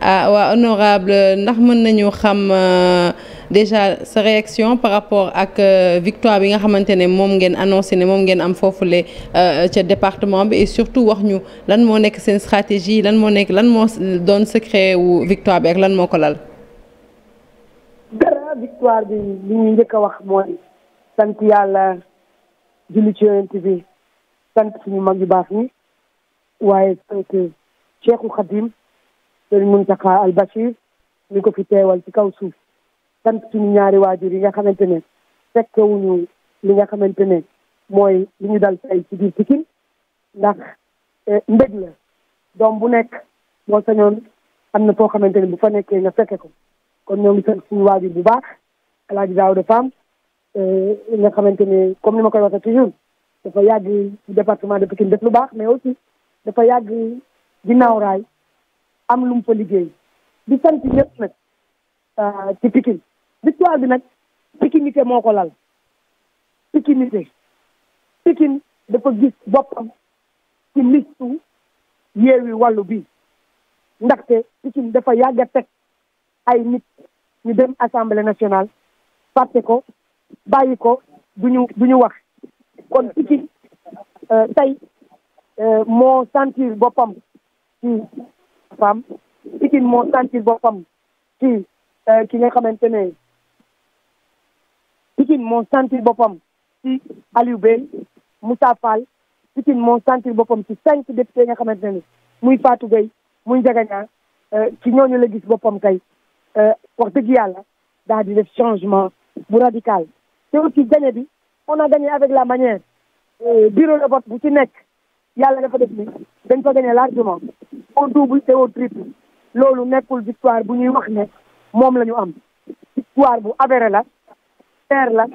ah waa honorable ndax mën nañu xam euh, déjà sa réaction par rapport ak euh, victoire bi nga xamante ne moom ngeen annoncé ne moom ngeen am foofu foofule euh, ca département bi et surtout wax ñu lan moo nekk seen stratégie lan moo nekk lan moo doon secret wu victoire bi ak lan moo ko lal. dara victoire bi li ñuy njëkk wax mooy sant yàlla julli ci yonent bi sant suñu mag yu baax ñi waaye Cheikhul Khadim Sëriñ Muntaxa Al Bachir mi ko fi teewal ci kaw suuf sant suñu ñaari waajur yi nga xamante ne fekkewuñu li nga xamante ne mooy li ñu dal tey ci biir Pikine ndax eh, mbég la doom bu nekk moo sañoon am na foo xamante ne bu fa nekkee nga fekke ko kon ñoom ngi sant suñu waajur bu baax alaaji daaw de femme eh, nga xamante ne comme ni ma koy waxee toujours dafa yàgg ci département de Pikine def lu baax mais aussi dafa yàgg ginnaaw raay am lu mu fa liggéey di sant ñëpp nag ah, ci Pikine victoire bi nag pikinité moo ko lal pikinité Pikine dafa gis boppam ci listu Yewwi Wallu bi ndaxte Pikine dafa yàgg teg ay nit ñu dem assemblée national fàtte ko bàyyi ko duñu duñu wax kon Pikine ah, tey ah, moo sentir boppam ci fam Pikine moo sentir boppam ci euh, ki nga xamante ne Pikine moo sentir boppam ci Aliou Bey Moussa Fall Pikine moo sentir boppam ci cinq députés nga xamante ne muy Fatou Gueye muy Ndiaga euh, ci ñooñu la gis boppam kay euh, wax dëgg yàlla daal di def changement bu radical te aussi gagné bi on a gagné avec la manière bureau de vote bu ci nekk yàlla dafa def ni dañ ko gagné largement au double et au triple loolu nekkul victoire bu ñuy wax ne moom la ñu am victoire bu abere la terre la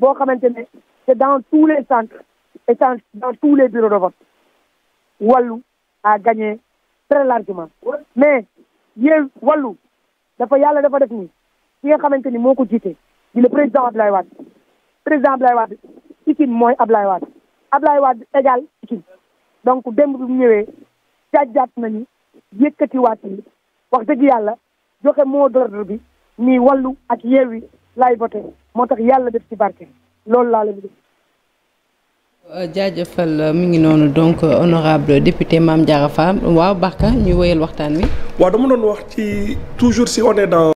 boo xamante ne c'est dans tous les centres et dans tous les bureaux de vote wàllu a gagné très largement mais yéen wàllu dafa yàlla dafa def ni ki nga xamante ni moo ko jiite di le président Abdoulaye wat président Abdoulaye Wade Pikine mooy Abdoulaye Wade Abdoulaye Wade égal Pikine donc démb bi mu ñëwee jàjjaat nañu yëkkatiwaat yi wax dëgg yàlla joxe mot d'ordre bi nii wàllu ak yeewi laay bote moo tax yàlla def ci barke loolu laa la bëgg. Euh, jaajëfal euh, mi ngi noonu donc euh, honorable député Mame Diarra Fam waaw Barka ñu wéyal waxtaan wi. waaw dama doon wax ci toujours si on est